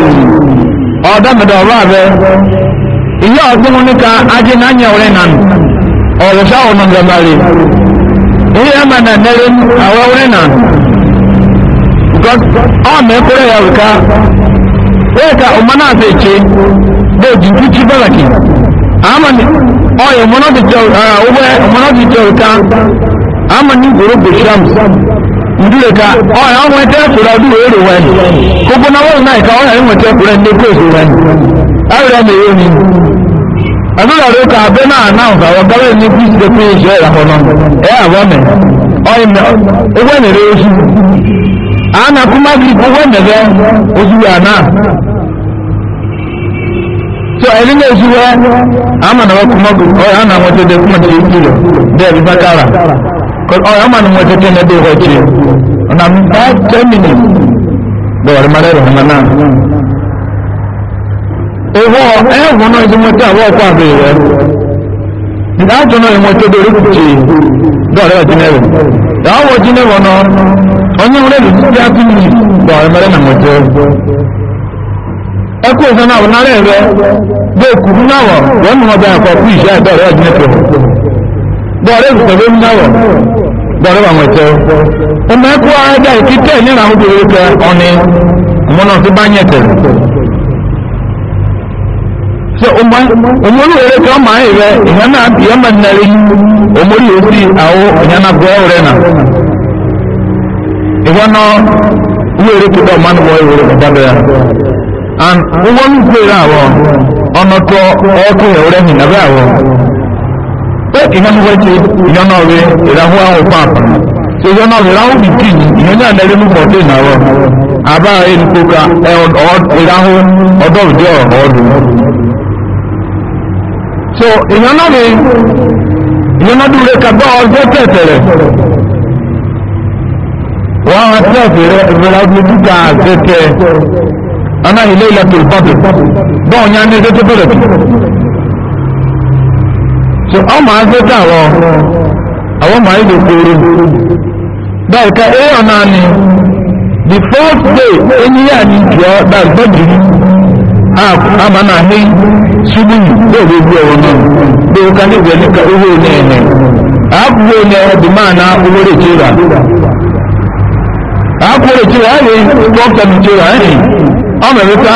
yìí ọ̀dọ́ mẹ́ta ọ̀rọ̀ abẹ́ ìyá ọ̀gbọ́n níka ajé náà nyẹ ọ̀rẹ́ nà ọ̀rọ̀ sáà ọ̀nà gbàgbàrè ìyá ẹ̀ma nà nẹ́rẹ́ àwọn ọ̀rẹ́ nà ọ̀mẹ́ kúrẹ́ yà wíká wíyà ká ọ̀ma náà fẹ́ kye bẹ́ẹ̀ dùdú tí bẹ́ẹ̀ kì àmà ni ọ̀yọ̀ ọ̀ma náà ti jẹ́ ọ̀ká àmà ni gbòrò gbòsàm ndúlé ka ọ ọmọ ẹtẹ ẹkùrẹ ọdún wèé rò wẹ́n gbogbo náà wọ́n náà ka ọ̀yà ìwọ̀n ẹtẹ ẹkùrẹ ní kó èso wẹ́n ẹ̀rẹ́ mi yóò na àdúrà rẹ ká abẹ́ náà náà fà wọ́n gbọ́dọ̀ ní kí ṣe pé ìṣe ẹ̀rọ àfọ̀nà ẹ̀ àbọ̀ ọ̀rọ̀ ọmọ ni wọ́n tẹ́tẹ́ ẹ̀dẹ́ ìwọ̀ ẹ̀kí ọ̀nà bá tẹ́mìnì bọ̀wọ̀rẹ̀ na lẹ́rọ̀ ọ̀nà na ìwọ̀ ẹ̀wọ̀n náà ti mọ́tẹ́ àwọ̀ ọkọ̀ àbẹ̀ na ìdájọ́ náà ìwọ̀n tẹ́tẹ́ oríkùtì bọ̀wọ̀rẹ̀ ọ̀tí nẹ́rẹ̀ ìdáwọ̀ ọjí nẹ́wọ̀ náà onye nwere lùtí bí ápìnì bọ̀wọ̀rẹ̀ mẹ́rẹ̀ nà mọ́tẹ́ ẹkú ìsan náà wọn arẹ́ rẹ̀ bí òkùnkùn náà wọ̀ wọ́n mú ọjà àkọ́kù ìṣẹ́ àdọ́rẹ́ ọ̀dínẹ́tọ̀ bọ̀wọ̀rẹ̀ ìsọ̀rọ̀ náà wọ̀ bọ́ọ̀lọ́ àwọn ẹ̀tẹ́ ọmọ ẹ̀kọ́ ajá ìkítẹ́ nílà àwọn obìnrin kẹ ọ̀ni mọ́nà tí bá yẹ̀tẹ̀ ṣe ọmọlú eré kí ọmọ ayé rẹ ìyànà ìyànà nẹrí ọmọlú òsì àwọ ìyànà gbọ́ọ̀ rẹ nà ìwọ́nà owó eré kí bọ́ọ̀ máa ń wọ ìwòrò bàbá bẹ́ẹ̀ and ń pè rà wọ́n ọ̀nà tó ọkọ̀ ẹ̀wọ́rẹ́ nìyàbẹ́ ìyọ́nú wẹ́tí ìyọ́nú ọ̀rẹ́ ìràhùn àwọn pàpà ìyọ́nú ọ̀rẹ́ ìràhùn bìtì ìyọ́nú àlẹ́rẹ́ ní pọ̀tẹ́ ìnáwó àbá ẹnìkóka ìràhùn ọ̀dọ́ òdì ọ̀rọ̀ ọdún. so ìyọ́nú ọ̀rẹ́ ìyọ́nú dúró kàgbọ́ ọjọ́ tẹ̀tẹ̀rẹ̀ wọ́n á tẹ̀sẹ̀ rẹ̀ ìrọ̀lẹ́ dúkà tẹ̀tẹ̀ anáhìlẹ́ ilẹ̀ tó bọ́ọ̀dù bọ́ọ̀ so ọ ma azụta awọ awọ ma anyị dokwuru bẹẹ ka ẹ yọ naanị the first enyi ya anyị jụọ that a ama na ahị subuyi bẹẹ bụ ọwụwa nọ bẹẹ ka anyị gwere ka ihe onye ehe akwụghị onye dị maa na ọ mere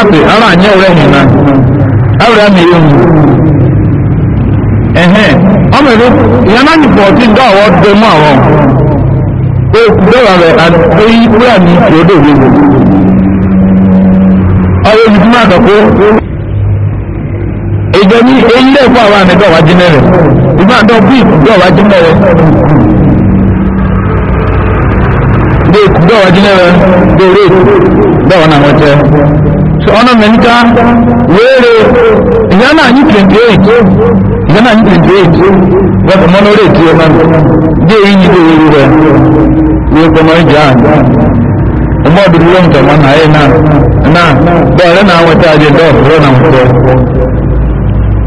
apị ara anyị na ara ọmọ ìlú ìyá náà ní pọ̀tí dọ́wọ́ dé mú àwọn àti ní gbogbo ibi tí máa dọ̀kọ́ ìjọ ní ilé ẹ̀kọ́ àwọn ìgbà bí ọ̀nà mẹ́ta wéèrè ìyá náà 28 gana ní ìdí èjì wẹ́pọ̀ mọ́ lórí èjì ọmọ dé èyí ní ìdí rẹ̀ wẹ́pọ̀ mọ́ ìjà ọmọ ọdún ló ń tọ̀mọ́ náà ẹ̀ náà náà bọ́ọ̀rẹ́ náà wọ́n tẹ́ ajé bẹ́ẹ̀ fúrọ́ náà wọ́n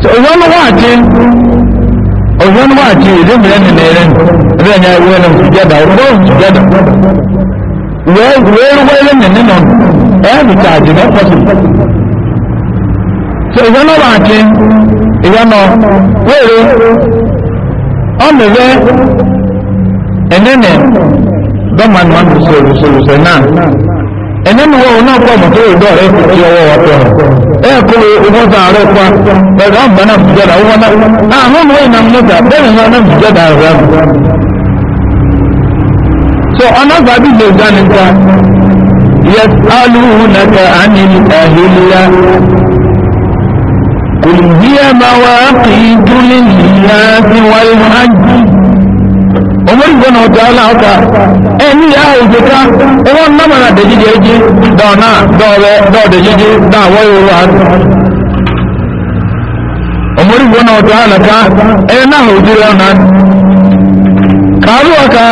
tẹ́ ọ̀yọ́nù wà àti ọ̀yọ́nù wà àti ìdí mìíràn nínú ẹ̀rẹ́ ẹ̀rẹ́ ẹ̀yà ìwé ẹ̀rẹ́ ìjẹ́dà ọ̀rọ̀ ìjẹ́dà wẹ́ẹ́ wẹ́ẹ́rẹ́ nínú ẹ̀rẹ́ ìjẹ́dà ọ̀rọ̀ ìjẹ́dà ìyanu ọ ọmọdé ẹnẹnẹ dọ́mà ni wọ́n ti sọ olùsọlùsọ náà ẹnẹnẹ wọ́n wọn náà kọ́ ọmọdé òdò rẹ̀ kò tí ọwọ́ wọn tọ̀ ẹ kó owó tàn àárẹ̀ pa pẹ̀lú na náà na jẹ́dà na náà àwọn ọmọ so ọ̀nà gbàdúgbò lè dá nípa yẹ alùhùn nàkà قل هي مواقيت للناس والحج omori gbọ́nà ọ̀tọ̀ aláàkà ẹni ìyá òjòká ẹwọ́ nnamara dẹ̀jíjẹ́ ẹjí dọ̀ọ̀nà dọ̀ọ̀rẹ́ dọ̀ọ̀dẹ̀jíjẹ́ dáwọ́ ìrọ̀ àti omori gbọ́nà ọ̀tọ̀ aláàkà ẹni náà òjòrò ọ̀nà kàárù ọ̀ka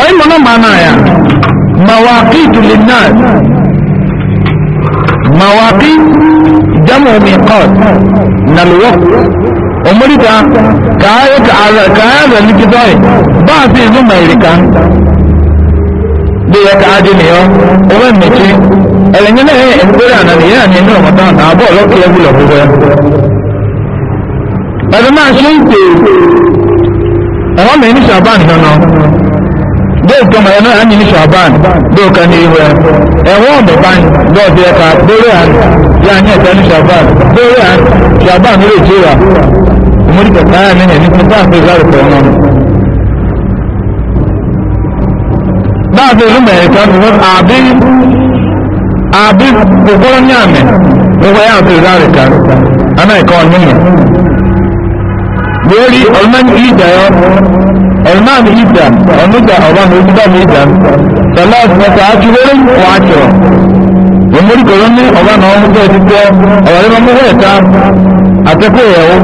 ọ̀yìn mọ̀nà màánà yà mawàkí ìtùlẹ̀ jamu miqat na lo umuri ta kaya ka ala kaya da likitai ba sai zo mai rika da ya ka aje ne yo owe mechi elenye na e eh, mbere na ni ya ni no mata na abo lo ke bulo bugo ya ba ma shi ke awon me ni shaban no no dóò tó mọ̀lẹ́ náà ní ṣọ̀bán dóò kan ní ìwẹ̀ ẹ̀wọ̀n ọ̀bọ̀bán lọ́ọ̀dẹ̀ ẹ̀ka lórí à yà ní ẹ̀ka ní ṣọ̀bán lórí à ṣọ̀bán lórí ìtura ìmúdí pẹ̀lú ayé mi ní fún báàfin ìlàrú pẹ̀lú ọmọ. báàfin ìlú mẹ̀ẹ̀ka ni wọ́n àbí àbí gbogbo ní àmì gbogbo ayé àti ìlàrú kan aná ìkọ́ ọ̀nìyàn lórí ọ̀nà ìjàyọ̀ الإمام إيسان ونجا الله إيسان إيسان ثلاث مساعات ورم وعشرة ومريك وني الله نوم جاء أولما مغيتا أتكوه يهو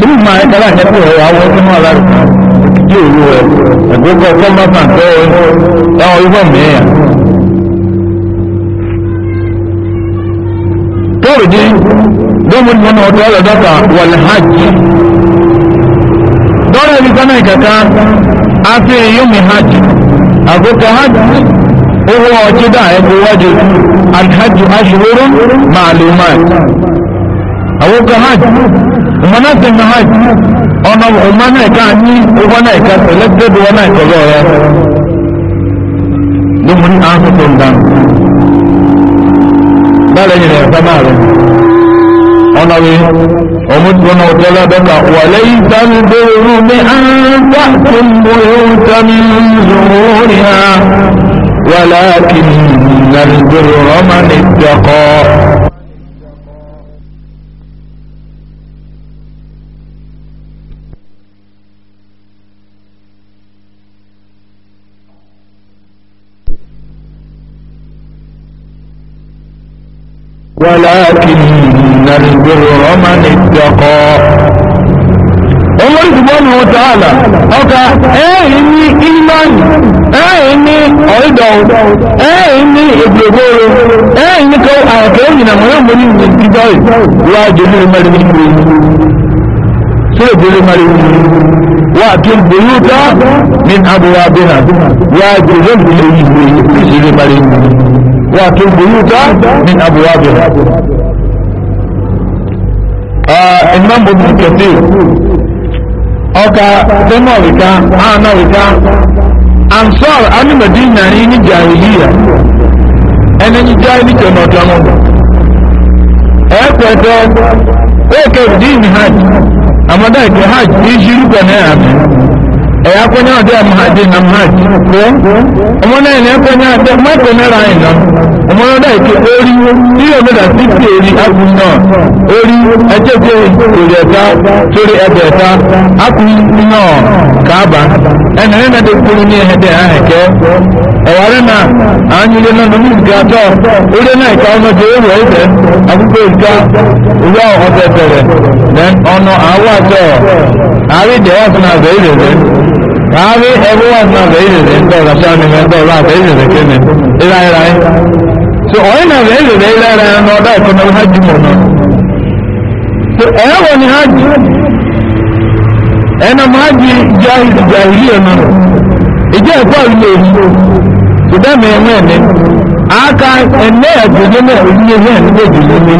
ثم ما يكلا يكوه يهو ثم لا يكتيو يهو أقول لك كم بطن كوه يهو يفهم ميه تورجي دوم المنوطة لدك والحج dọ́rọ̀ ibi sọ́nà ìkẹta a fi yómi hajj àkókò hajj owó ọjídà ẹgbẹ́ wájú alhajj aṣòro màlúmá àkókò hajj ọmọnàfẹ́ na hajj ọ̀nà ọmọnà ẹ̀ka ní owó náà ẹ̀ka selected owó náà ẹ̀ka lọ́rẹ́ lómìnira àkókò ń dáná báyìí lẹ́yìn ẹ̀ka máa rẹ̀ ọ̀nàwé ọmọdún ọ̀tọ́lá bẹ́ta wà lẹ́yìn tàbíbẹ̀rù ní àǹtà tó mú ẹ̀hùn tàbí lórí ha wà láàkìí nàìjíríà rọ́mà ní ìjọkọ́ ولكن إنما البر من اتقى الله سبحانه وتعالى أوكا أيني إيمان أيني أيضاو أيني إبلغور أيني كو أعطيني نمو يمني من كتاي لا جميل مرمي سيد جميل مرمي وأتي البيوت من أبوابها يا جزم إليه مرمي وأتي البيوت من أبوابها imam ibn kathir ọka demo wika ana wika ansar ani medina ni ni jahiliya ẹni ni jahili jẹ ya. mu ẹ pẹtẹ hajj amada ike hajj ni ṣiri pẹ e, ní àmì ẹ̀yà akọnyá ọdẹ amahadi nam hajj ọmọ náà ẹni ẹkọnyá ọdẹ mọ ọmọlọ́dà èké orí nílò mẹ́ta síkì èrí akùn náà orí ẹjẹ́jẹ́ òrì ẹ̀ta torí ẹbẹ̀ ẹ̀ta akùn náà kàábà ẹnà ẹ̀nà tó kúrú ní ẹ̀hẹ́dẹ̀ ahẹ̀kẹ́ ẹ̀wàrẹ́ náà àányúlé náà nínú ìgbà tọ́ orí náà ìka ọmọ jẹ́ èrò ẹ̀fẹ́ akúgbò ìka ìwé ọ̀tẹ̀ tẹ̀rẹ̀ then ọ̀nà àwọn àtọ̀ àrídẹ̀wà fún àbẹ̀ ìrẹ̀lẹ̀ àárí ẹgbẹ́ wà fún àbẹ̀ ìrẹ̀lẹ̀ ń dọ̀rọ̀ sáà ní mẹ́ńdọ̀rọ̀ àbẹ̀ ìrẹ̀lẹ̀ kéne ìráyìráyì so ọ̀rẹ́ náà rẹ̀ rẹ̀ rẹ̀ rẹ̀ ní ọ̀dá ẹ̀kọ́ náà hajj mọ̀ náà so ẹ̀rẹ́ wọ̀ ni hajj ẹ̀nà hajj jahil jahili ọ̀nà ìjẹ́ ẹ̀kọ́ ìlú èyí ìdámẹ̀ ẹ̀wọ̀n ẹ̀mẹ́ aka ẹ̀mẹ́ ẹ̀gbẹ̀gbẹ̀ náà ìlú ẹ̀hẹ́ ẹ̀mẹ́ ìdílé mi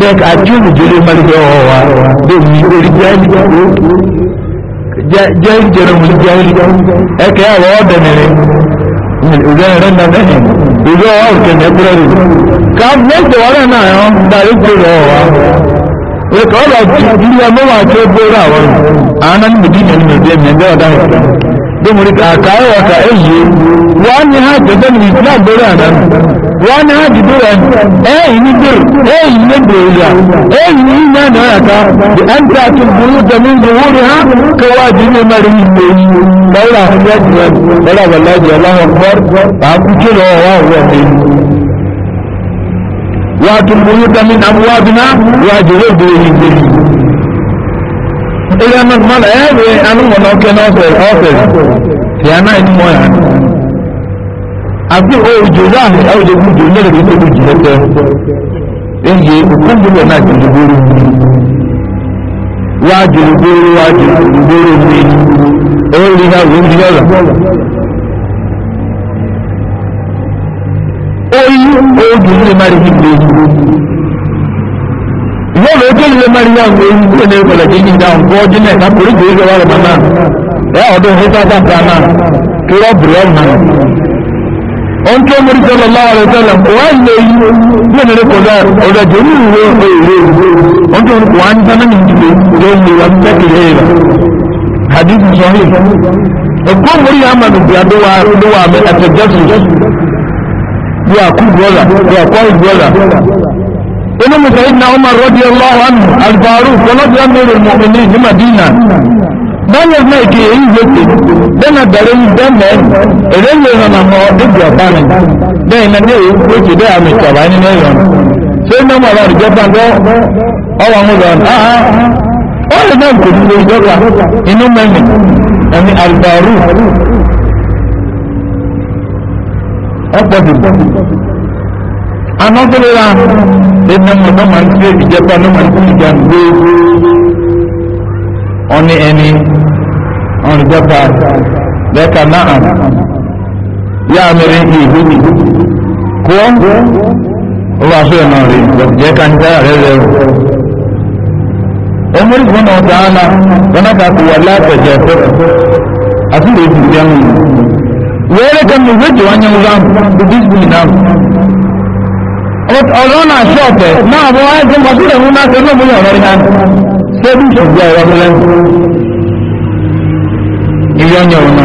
dẹ́k àjúlù jẹ́rẹ́ malẹ̀ ọ̀wà lómi orí jahil jẹ́rẹ́ mu jahil ẹ̀kẹ́ àwọ̀ ọ̀dẹ̀mẹ̀rẹ̀ ìjọ ẹ̀rọ ìgbà mẹ́rin ìjọ wa òkè mẹ́kúrẹ́ rẹ̀ ká mẹ́sẹ̀ wọ́n náà yọ darí pé lọ́wọ́ wa ètò ọ̀rọ̀ tí ilé ọmọ wa tó gbóra àwọn àwọn náà nìbìdí ìyẹn nínú ìdí ẹ̀mí ẹgbẹ́ ọ̀dá yẹn domori kàkà ẹ̀rọ kà èyí wọ́n ní ha tẹ̀sẹ̀ ní ìtura gbóra àná wọ́n ní ha dìbò rẹ̀ ẹ̀yìn ní gbèrò ẹ̀yìn ní gbèrò yà ẹ̀yìn ní ìyá náà yàtọ̀ the empire to gbòòrò dẹ̀mí ha kẹwàá jù ní mẹ́rin ní gbòòrò lọ́rọ̀ lọ́rọ̀ àbọ̀lẹ́dì ọlọ́wọ́ àkúkú lọ wà wọ́n mi wà á tún bóyú dami ya wà á bínà wà á jẹ́rẹ́ ìbò yìí gbé ilé ẹ̀mọ́ tó mọ́lá ẹ̀ wé anúmọ̀nà ọkẹ́ náà ọ̀fẹ́ ọ̀fẹ́ tí a náà ẹni mọ́ yà ni àbí òòjò láàrin àwòjò gbùdù lẹ́rẹ̀ bí tóbi jù lẹ́tẹ̀ ẹ̀yẹ òkúndùbọ̀ náà jù lùgbòrò mi wà ẹ̀wọ́n rí náà ló ń di ọ̀la orí oògùn ilé mari ní ilé ìwọ́n ló jẹ́ ilé mari náà ló ń gbé ní ìpẹ̀lẹ̀ kí ní ìdáhùn kó ọdún náà ká porí gbé ìjọba rẹ̀ màmá ẹ̀ ọdún hẹ́tà dáadáa náà kí rọ́ọ̀bù rẹ̀ mọ̀ ọ̀n tó mú ìjọ lọ láwọn ọ̀rẹ́ sẹ́lẹ̀ wọ́n lè yí bí ẹ̀nà kọjá ọ̀rẹ́ jẹ́ ní ìwé ọ̀rẹ́ ìwé ọ̀n tó wọ́n ń dáná ní ìdílé tó ń lè wà ní hadithu sahih ẹ̀kọ́ mórí àmàlù bí adúwà adúwà mi ẹ̀tẹ̀ jẹ́sì bí àkú brọ́dà bí àkọ́ ìbrọ́dà inú mi sẹ́yìn na umar rọ́dí ọlọ́wọ́ àmì albaru kọlọ́dí amẹ́rù mọ̀mìnì ní madina báyọ̀ náà kì í yé pé bẹ́ẹ̀ bẹ̀rẹ̀ ní bẹ́ẹ̀ èrè ń lè ràn àmọ́ ẹgbẹ̀ ọ̀bá mi bẹ́ẹ̀ náà ní èyí ó ti bẹ́ẹ̀ àmì ìtọ̀bá nínú ẹ̀yọ̀ ṣé ní ọmọ ọ̀rọ̀ ìjọba ọwọ́ àwọn ọmọ ọ̀rọ̀ wọ́n lè náà kò nílé ìjọba inú mẹ́rin ẹni àlùbáàrú ọ̀pọ̀ dìbò anọ́gbẹ́lẹ́ra lẹ́nu ọmọ náà máa ń tẹ́ ìjẹba náà máa ń tẹ́ ìjà ń gbé ọ̀ní ẹni ọ̀rìn ìjọba lẹ́ka náà yá mẹ́rin ìlú ni kọ́ ó wàá sọ ẹ̀ náà jẹ́ ká ní táyà rẹ̀ rẹ̀ umar subhanahu wa ta'ala wana ka ku wala ta jefe asu da yake biyan were kan mu zai jiwa nyan zam da bisbi na ọ̀rọ̀ náà ṣọ́ọ̀tẹ̀ náà bọ́ wáyé tó mọ̀tí rẹ̀ mú náà tẹ́lẹ̀ mú yọ̀ rẹ̀ náà ṣé bí ṣùgbọ́n ẹ̀rọ fẹ́lẹ́ ilé ọ̀nyẹ̀ ọ̀nà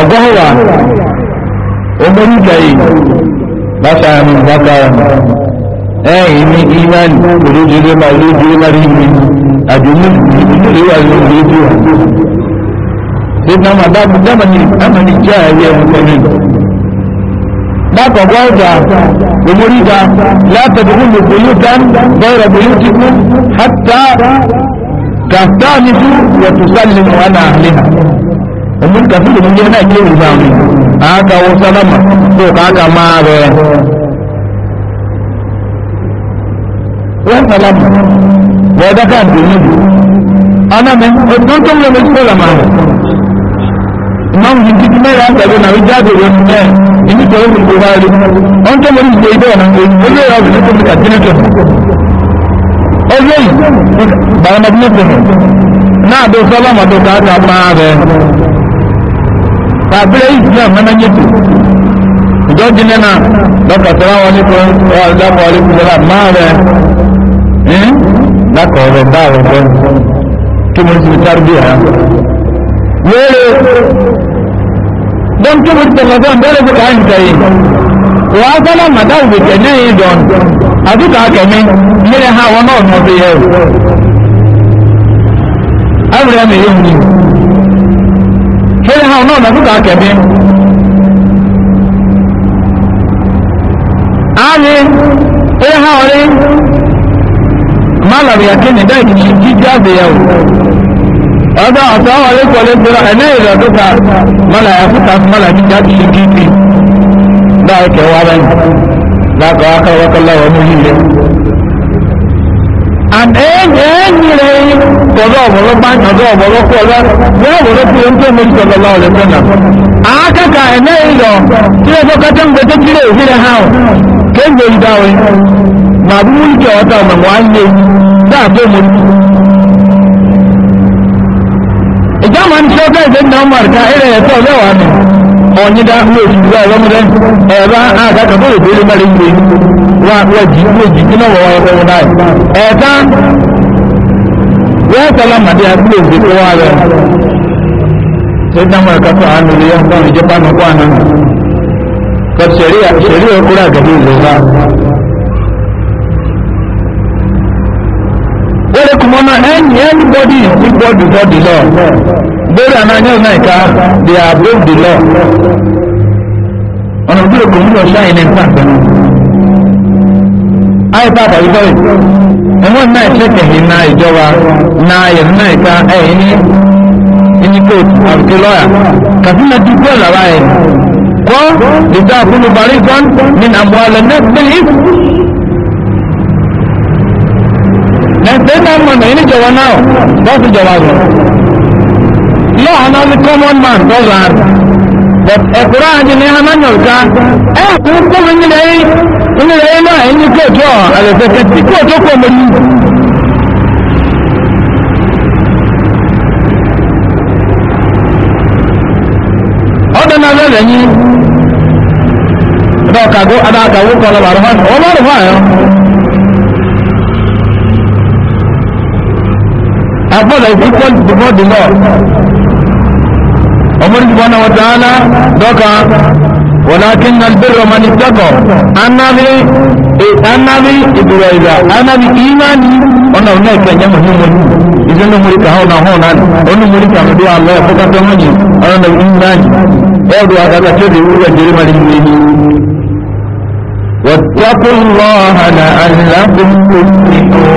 ọgọ́wà ọmọ orílẹ̀ bá ṣàyàmù bá ṣàyàmù ẹ̀yìn ní ìmáàlì olójúlé máa olójúlé máa rí mi àjòmú ìlú wà ní olójú wa ṣe náà máa dábò dábò ní àmà ní jẹ́ ààyè ẹ̀kọ́ ní dákọ̀ọ́gbọ́ ọjà òmóríga látọ̀dọ̀kún lòpò yóò tán bọ́ọ̀rọ̀ bò yóò kíkún hátà kàtà ní tú wọ̀tù sálẹ̀ mọ̀ wá náà lé òmóríga fún sálámà tó kàáka máa rẹ̀ wọ́n sọ̀lá mọ̀ wọ́n dákà ń dùn níbi ọ̀nà mi ọdún tó ń lọ lójú kọ́lá máa rẹ̀ ìmáàmù yìí títí mẹ́rin àtàgbé náà jáde lónìí náà ìdí tó ń gbé wáyé ọ̀n tó lórí ìgbé ibẹ̀ ọ̀nà olú ẹ̀rọ ọ̀gbìn tó ń kà dínú tó ọjọ́ yìí bàrọ̀mọ̀dún tó nù náà bẹ sọ́lá mọ̀tò ká ká máa rẹ̀ tàbílẹ̀ yìí sílẹ̀ mẹ́nà nyẹ́tò ìjọ́jú nínà lọ́kọ̀ sọ́lá wọn ní kọ́ ọ̀dọ́ dákọ̀ ọ̀rọ̀ bá ọ̀rọ̀ bọ́ kí mo sì tàbí bí ara lóòrè don kí mo sì tẹ̀lé fún bẹ́ẹ̀rẹ̀ fún káyìn tẹ̀yẹ wà á sọ́nà màdá òwe tẹ̀lé yìí dọ̀n àdúgbò akẹ́mi nílẹ̀ ha wọn náà mọ̀ bí yẹ̀wò abúlé mi yóò ní nílẹ̀ ha wọn náà àdúgbò akẹ́mi ààrẹ nílẹ̀ ha wọn rí malar ya kini da ki jaze yau ọdọ ọsọwọ lẹkọọ lẹgbẹrẹ ẹnẹ ìrọdúkà mọlà ẹkúta mọlà jíjá ti ṣe kíkì báyìí kẹwàá bẹyìn lákọọ akọwọ kọlọwọ mú yìí rẹ. àtẹ̀yẹ ẹ̀yìnrẹ́ ọ̀bọ̀lọ́ bá ọdọ ọ̀bọ̀lọ́ kú bí ọ̀bọ̀lọ́ kú yẹn tó mú ìṣọ̀lọ́ lọ́wọ́ lẹ́gbẹ̀ẹ́ náà. akẹ́kà ẹ̀nẹ́ ìlọ tí ó tó kẹ́tẹ́ ń gbé tó kílẹ̀ òfin rẹ̀ hàn kéńgbé ìdáwé màbúrú ìjọ ọ̀tọ̀ ọ̀mọ̀wá ń lé yìí àjọ mọ̀lú ìjọ ma ń ṣọ́ bẹ́ẹ̀ sẹ́yìn náà mọ̀rìká ẹ̀rẹ̀ ẹ̀tọ́ lẹ́wàá mi ọ̀nyídá lóòjìdá ọlọ́mọdé ẹ̀bá àgbàkà bóyè tó lè mẹ́rin gbé wá wọ́jì lóòjì tí náà wọ́n ẹ̀kọ́ wọn báyìí ẹ̀ta wọ́n sọ́lá màdé àgbélé òfin tó wá rẹ̀ sẹ́yìn náà mọ̀rìká tó àánú lè yọ nǹkan ìjọba nǹkan àná kọ́ sẹ̀rí ọkùnrin àgbẹ̀dẹ̀ ìlú náà ana any anybody is equal before the law lórí àná ní ọ̀nà ìka they are above the law ọ̀nà ìbúrò kò nílò ṣáyìn ní pàṣẹ náà àìsà àbàyíkọ́ yìí ẹ̀wọ̀n náà ṣẹ̀kẹ̀hìn náà ìjọba náà yẹ̀rù náà ìka ẹ̀yìn ní ẹni kóòtù àbùkẹ́ lọ́yà kàfínà ti gbọ́ ìlàrá ẹ̀ kọ́ lè dá àkúlù barí ní àmọ́ alẹ́ náà gbé Satan man na yìí níjọba náà wọ́n fi jọba sọ. Law àná ni common man dọ́gba rẹ̀. But ẹ̀kúrọ̀ àjẹ́ ní àná nyọ̀ká ẹ̀ kún kọ́mọ nílẹ̀ yìí nílẹ̀ yìí náà ẹ̀yìn kí òjò àlẹ́fẹ́fẹ́ tí kí òjò kọ̀ mọ́ yìí. Ọ̀dọ̀ náà lọ́dọ̀ yìí. Ọ̀dọ̀ kàgó adáàkàwó kọ́ lọ́wọ́ àrùfáà. Ọmọ àrùfáà yọ. because I is equal before the Lord. Ọmọdé ti bọ́nà wọ̀tá ánà dọ́ka wọ̀lákin na bírò mani tọ́kọ̀ annabi ìdúrẹ̀dà eh, annabi imani ọ̀nà ọ̀nà ìkẹ̀yẹ́ mọ̀ nínú ìjọ ní múrí kàhọ́ na hàn náà ọ̀nà múrí kàmọ́ dúwà lọ́ọ̀ fọ́kàtọ́ mọ́ni ọ̀nà ìmáni ẹ̀rù àgbàgbà tó lè wúrẹ̀ jẹ́rìmọ́ni nínú واتقوا الله لعلكم تفلحون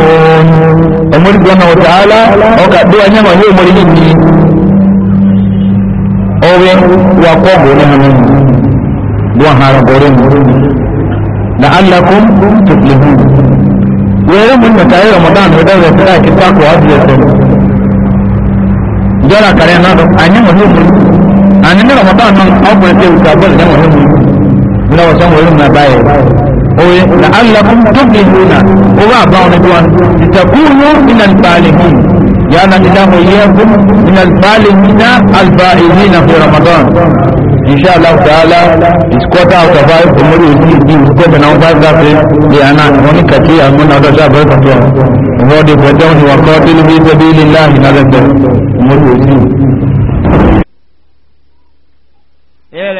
ọmọdé gbọ́nà ọ̀tàálá ọkà bí wọ́n yẹ́mọ̀ yóò mọ̀lẹ́ yìí ọwẹ́ wà pọ̀ gòrò hànú wọ́n hàrà gòrò mú la'allakum tuflihun wẹ́rẹ́ mú nà tàyé ramadan ọ̀dọ́ rẹ̀ fẹ́ra kí tako ọ̀dọ́ rẹ̀ jọ́ra kàrẹ́ náà lọ àyẹ̀mọ̀ yóò mọ̀lẹ́ àní ní ramadan náà ọ̀pọ̀ ẹ̀kẹ́ ìgbàgbọ́ ìyẹ̀mọ̀ yóò mọ̀lẹ́ na wasan wurin na baya oye na Allah kun dubbe nuna o ba ba wani duwan takunu min al-salihin ya na ila hoyiyakum min al-salihin al-ba'ihin fi ramadan insha Allah ta'ala is quarter out of five umuri uji di ko da na ba za fe di ana ni kace ya mun da za ba ka to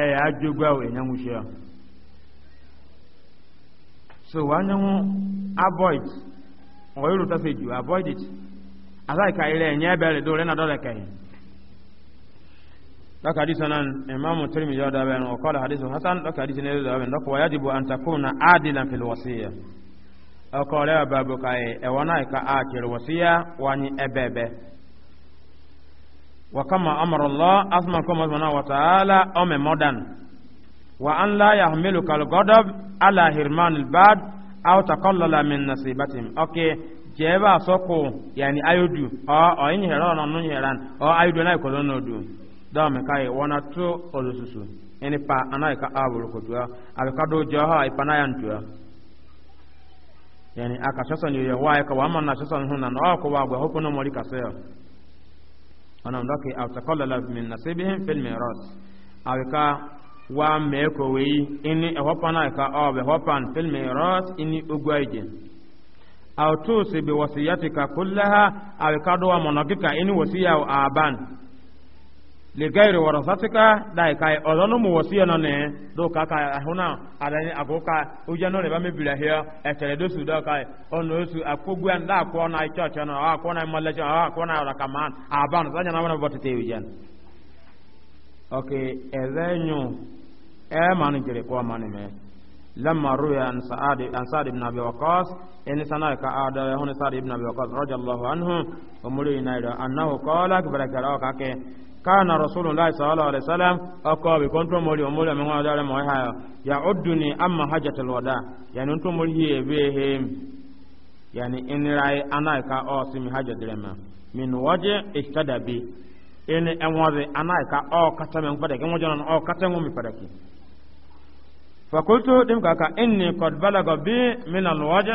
ɛyɛ adzogbo awo enyamuhyia so wanya ho avoid ɔyɛ rota sɛ ju avoid it asai ilẹ̀ ẹ̀yẹ́ bẹ̀rẹ̀ do lẹ́nà dọ́lẹ̀ kẹ́yìn lọ́kà náà imam tirimi yọ̀ dọ́bẹ̀ ní ọ̀kọ́ hadisi hasan lọ́kà hadisi náà yọ̀ dọ́bẹ̀ dìbò na adilan fil ya ọkọ̀ rẹ̀ bàbá ẹ̀wọ̀n náà ka a kiri ẹbẹ̀ẹ̀bẹ̀ وكما أمر الله أسمى كما سبحانه وتعالى أم مدن وأن لا يحملك الغضب على هرمان البعض أو تقلل من نصيبتهم أوكي جيبا سوكو يعني أيدو أو أو إن هران أو نون هران أو أيدو لا يكون نودو دام كاي وانا تو أولوسوسو يعني با أنا يكا أبول كتوا أبكادو جوها إبنا ينتوا yani akashasan yoyo wa ka wa manna shasan hunan o ko wa gwa hokono mori kaseyo ana ndoke aw takallala min nasibihim fil miras awika wa me ko we ini e hopana ka o be hopan fil miras ini ugwaije aw tusi bi wasiyatika kullaha awika do wa monogika ini wasiya aban ligayri warasatika dai kai odono mu wasiya no ne do ka ka huna adani agoka uja no le ba mebira hia etere do su do kai ono su akogu an da ko na church no a ko na mallaje a ko na ra kaman aban sanya na wana botte ujan okay ezenyu e manu jere ko manu me lamma ruya an sa'ad an sa'ad ibn abi waqas in sana ka ada hon sa'ad ibn abi waqas radiyallahu anhu umuri naira annahu qala baraka ka ke kana rasulullahi sallallahu alaihi wasallam akwa bi kontro mori omori amen wa dare mo ha ya udduni amma hajatul wada yani nto mori ye be he yani inrai anaika o simi hajja direma min waje ihtada bi in enwaze anaika o katame ngpada ke kacha o fa qultu dim ka inni qad balaga bi min al waje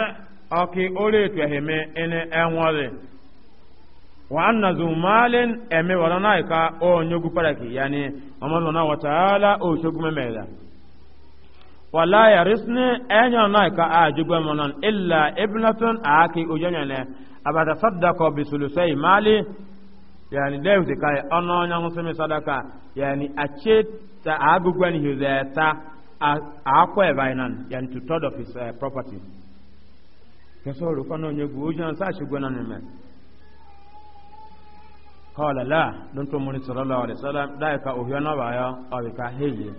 aki ore in وأن ذو مال أمي ورنايك أو نيوغو فرقي يعني أما الله وتعالى أو شوغو مميلا ولا يرثن أن نايك أجوغو منن إلا ابنة أكي أجنن ajụgbu صدق بثلثي مالي yani dem ti kai ono nya ngusemi sadaka yani ache ta agugwa ni hizeta akwa evainan yani to third of his uh, property keso lu kana onye gu ojan sa shigwa na nime kọ́ọ̀lá láà ló ń tó múni sọ̀rọ̀ lọ́wọ́ rẹ̀ sọ́lá dáìka òhìọ́ náà báyọ́ ọ̀bìkà hẹ́yẹ.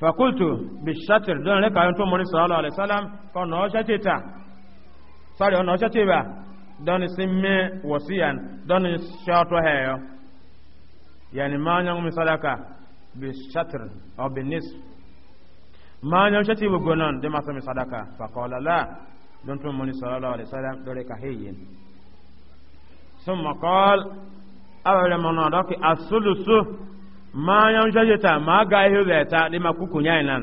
fakultu bi shatir don reka yon to mori sallallahu alaihi wasallam ko no shatita sorry no shatiba don simme wasiyan don shato heyo yani ma nyang misalaka bi shatir aw mi sadaka fa qala la don to mori sallallahu alaihi wasallam dore ثم قال أولا من أدوك الثلث ما يمشجتا ما غايه ذاتا لما كوكو نينا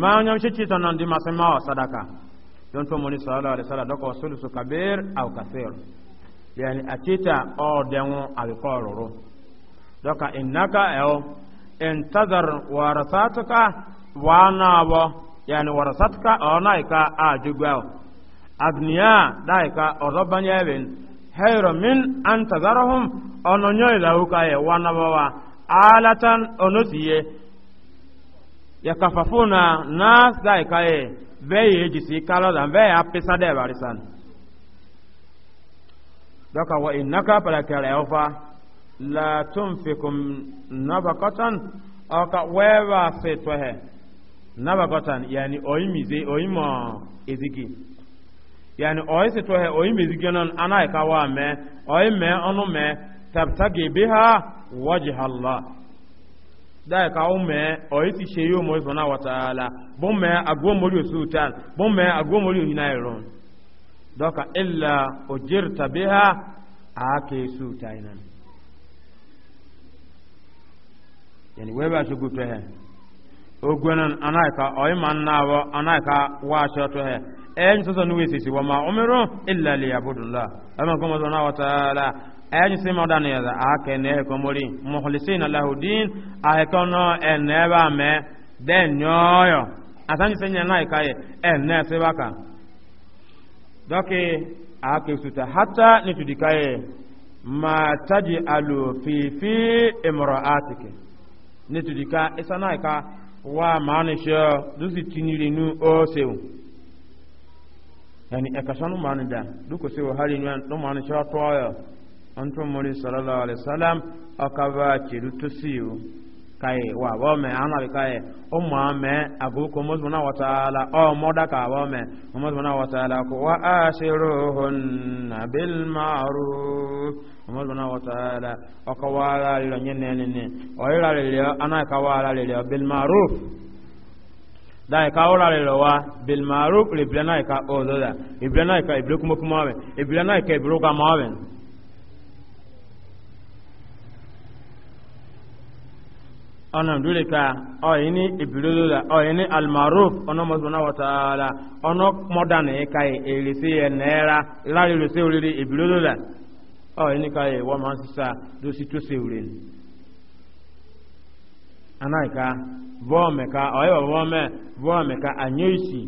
ما يمشجتا نندما سماو صدقا don to moni sallallahu alaihi wasallam doko sulusu kabir au kathir yani atita o denwo alqororo doka innaka aw intazar warasatuka wa nabo yani warasatuka onaika ajugwa Agnia, daika orobanya even hayro min an tazarahum ono nyoy la uka wana bawa alatan ono tiye yakafafuna nas dai kae beye jisi kala dan be apesa de barisan doka wa innaka pala kala yofa la tunfikum nabaqatan aka wewa fetwe nabaqatan yani oyimize oyimo ezigi yani oyisi tohe oyi mizigenon ana ikawa me oyi me onu me tabtagi biha wajha Allah da ka o me oyisi se yo mo sona wa taala bo me agwo mori sultan bo me agwo mori hina iron doka illa ujirta biha ake sultanan yani weba shugu tohe ogwenan ana ka oyi man nawo ana ka wa sho tohe ẹ̀yìn sọ́sọ́ ní wíṣẹ̀ sí wọ́n máa ọmọrún ìlàlẹ̀ àbúdùlá ẹ̀mọ̀kọ́mọ̀ sọ́nà wọ́tàlá ẹ̀yìn sí mọ́dá ní ẹ̀dà àkẹ́nẹ́ ẹ̀kọ́ mórí mọ̀kànlẹ́sìn aláhùdín àìkọ́nà ẹ̀nẹ́bà mẹ́ dẹ́nyọ́yọ̀ àtàníṣẹ́ yẹn náà ìkáyẹ̀ ẹ̀nẹ́ sí bákan dọ́kì àkẹ́sùtà hátà ní tùdíkáyẹ̀ máa tájì alòfìfì ìmọ̀rọ̀ àtìkì ní tùdíká ìsánáìká wà máa níṣẹ́ dúsì tìnyìrì ní ó yani ekasanu mani da duko se hari nyan mani sallallahu alaihi kai wa ba me kai o ma me abu ko na wa taala o mo ka ba me wa taala ko wa da ka ora le wa bil ma'ruf li bilana ka o do da ibilana ka ibilu kuma kuma we ibilana ka ibilu ka ma we ona dule ka o ini ibilu do da o ini al ma'ruf ona mo subhanahu wa ta'ala ona modern e ka e le se e nera la le se o le ibilu do da o ini ka e wa anaika vome ka oyo vome vome ka anyoisi